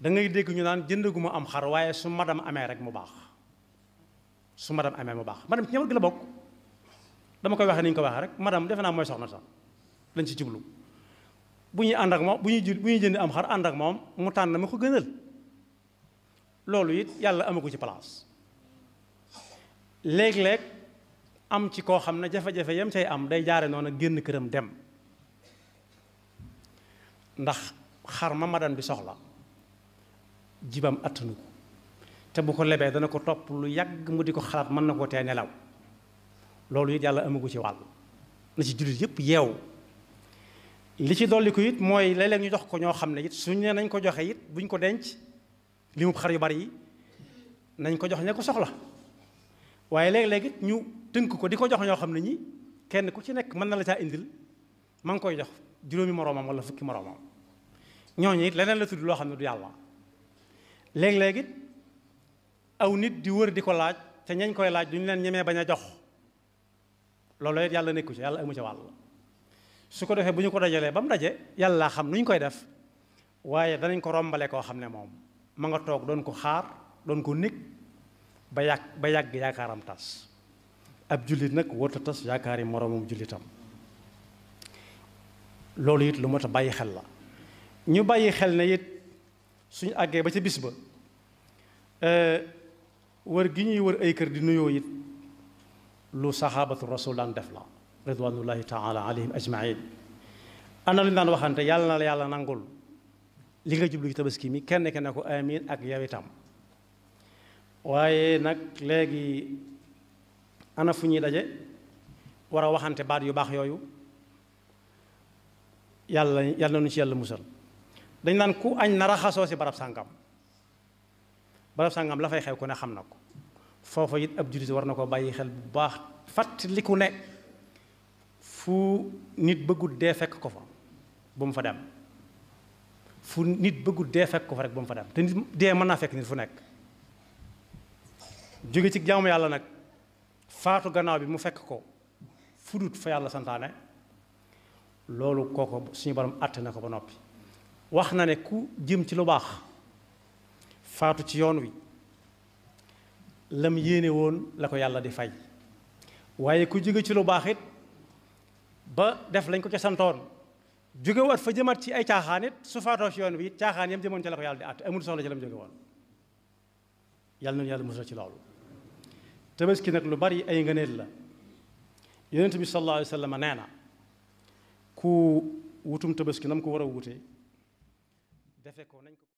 da ngay dégg ñu naan jëndaguma am xar waaye su madam amee rek mu baax su madam amee mu baax madam ci njaboot gi la bokk dama koy waxee ni ko waxee rek madam defe naa mooy soxna sax lañ ci jublu bu ñuy ànd ak moom bu ñuy jënd bu ñuy jënd am xar ànd ak moom mu tànn ma ko gënal loolu it yàlla amagu ci place léeg-léeg am ci koo xam ne jafe-jafe yam cay am day jaare noonu génn këram dem ndax xar ma madam bi soxla jibam attanu ko te bu ko lebee dana ko topp lu yàgg mu di ko xalaat mën na koo tee nelaw loolu it yàlla amagu ci wàll na ci jullit yëpp yeew li ci dolliku it mooy léeg-léeg ñu jox ko ñoo xam ne it suñ ne nañ ko joxe it buñ ko denc li mu xar yu bari yi nañ ko jox ña ko soxla waaye léeg-léeg it ñu tënk ko di ko jox ñoo xam ne ñi kenn ku ci nekk mën na la caa indil ma ngi koy jox juróomi moroomam wala fukki moroomam ñooñu it leneen la tudd loo xam ne du yàlla leg leg it aw nit di wër di ko laaj te ñañ koy laaj duñ leen ñëmé baña jox loolu yit yalla nekku ci yalla amu ci wal su ko defé buñu ko dajalé bam dajé yalla xam nuñ koy def waaye danañ ko rombalé ko xamné mom ma nga tok doon ko xaar doon ko nik ba yak ba yag tas ab julit nak wota tas yaakaari moroomam julitam loolu yit lu mata bayyi xel la ñu bayyi xel ne yit suñu agge ba ci bis wër gi ñuy wër ay kër di nuyoo it lu saxaabatu rasul daan def la ridwanullahi taala alayhim ajmain ana lu ñu daan waxante yàlla na la yàlla nangul li nga jublu ci tabaski mi kenn kenn ko amin ak yow itam waaye nag léegi ana fu ñuy daje war a waxante baat yu baax yooyu yàlla yàlla na nu ci yàlla musal dañ naan ku añ na raxasoo si barab sàngam barab sàngam la fay xew ko ne xam na ko foofa it ab jullit war na ko bàyyi xel bu baax fàttaliku ne fu nit bëggul dee fekk ko fa bu mu fa dem fu nit bëggul dee fekk ko fa rek bu mu fa dem te nit dee mën naa fekk nit fu nekk jóge ci jaamu yàlla nag faatu gannaaw bi mu fekk ko fudut fa yàlla santaane loolu kooku suñu borom àtte na ko ba noppi wax na ne ku jëm ci lu baax faatu ci yoon wi lam yéene woon la ko yàlla di fay waaye ku jóge ci lu baax it ba def lañ ko ca santoon jóge waat fa jëmaat ci ay caaxaan it su faatoo ci yoon wi it caaxaan yam jëmoon ca la ko yàlla di àtt amul soxla ci lam jóge woon yàlla nañu yàlla musal ci loolu tabaski nag lu bari ay ngëneel la yonent bi sallallahu alayhi wa sallam nee na ku wutum tabaski nam ko war a wute defe ko nañ ko